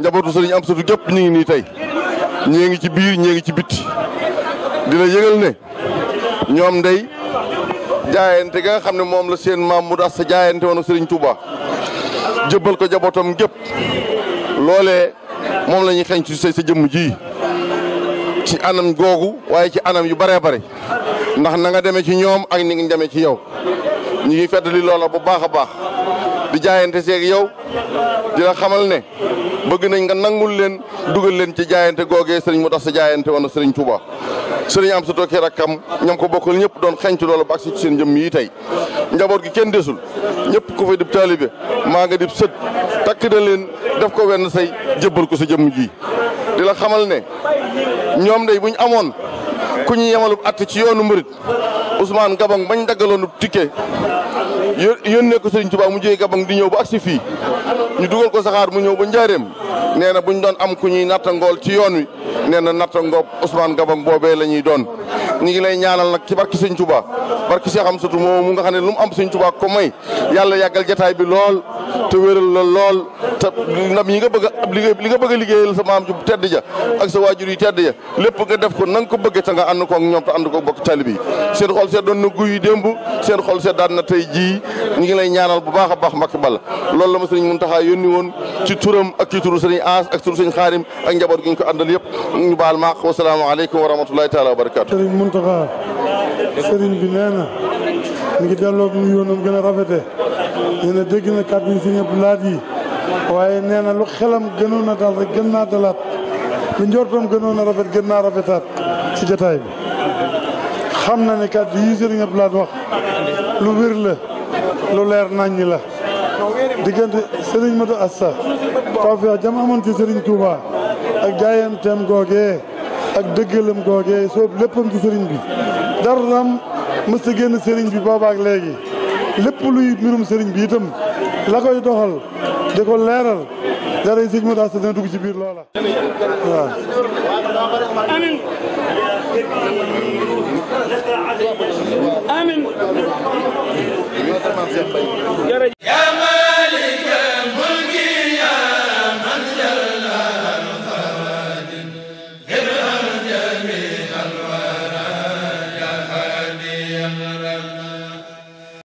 njabootu sëriñ am sëtu gépp ñu ngi nii tey ñee ngi ci biir ñee ngi ci bitti di yëgal ne ñoom ndey jaayante ga xam ne moom la seen maam mu das sa jaayante woon sëriñ Touba jëbal ko jabootam gépp loole moom la ñuy xeeñ ci sa sa jëmm ji ci anam googu waaye ci anam yu baree bare ndax na nga demee ci ñoom ak ni nga demee ci yow ñu ngi feddali loola bu baax a baax di jaayante seeg yow di la xamal ne bëgg nañ nga nangul leen dugal leen ci jaayante googee sëriñ mu tax sa jaayante woon ak sëriñ Touba sëriñ am sa tookee rakkam ñam ko bokkal ñëpp doon xenc loolu ba agsi ci seen jëmm yi tey njaboot gi kenn desul ñëpp ku fay dib taalibe maa nga dib sët takk na leen def ko wenn say jëbbal ko sa jëmm ji di la xamal ne ñoom day buñ amoon ku ñu yemalub att ci yoonu murit Ousmane Gabang bañ daggaloonu tikke yónnee ko sëriñ Touba mu jëyee Gabang di ñëw ba agsi fii ñu dugal ko saxaar mu ñëw ba njaareem nee na bu doon am ku ñuy nattangool ci yoon wi nee na nattangoog Ousmane Gabang boobee la ñuy doon ñi ngi lay ñaanal na ci barki sëñ Tuba barki Cheikh Amsatou moom mu nga xam ne lu am sëñ Tuba ko may yàlla yàggal jataay bi lool te wéral la lool ndam yi nga bëgg a li nga bëgg a liggéeyal sa maam ju tedd ja ak sa waajur yi tedd ja lépp nga def ko na nga ko bëgg te nga ànd ko ak ñoom te ànd ko bokk seen xol seet doon na guy démb seen xol seet daan na tey jii ñi ngi lay ñaanal bu baax a baax Mbàkke Balla loolu la ma sëriñ Muntaxa yónni woon ci turam ak ci turu Aas ak turu sëriñ Xaarim ak njaboot gi ñu Muntaxa sëriñ bi nee na mi ngi delloo yoonam gën a rafete nee na dégg na kàddu yi Sëriñ Abdu Lahat yi waaye nee na lu xelam gënoon a dal naa dalaat lu njortoom gënoon a rafet gën naa rafetaat ci jotaay bi xam na ni kàddu yi Sëriñ Abdu Lahat wax lu wér la lu leer nañ la diggante Sëriñ Madu Asta tawfeex jam amoon ci Sëriñ Tuuba ak jaayanteem googee ak dëggalam googee soob léppam ci sëriñ bi daru naam mës ta génn sëriñ bi boobaak léegi lépp luy mbirum sëriñ bi itam la koy doxal di ko leeral dara sëñ mu daas dana dugg ci biir loola amin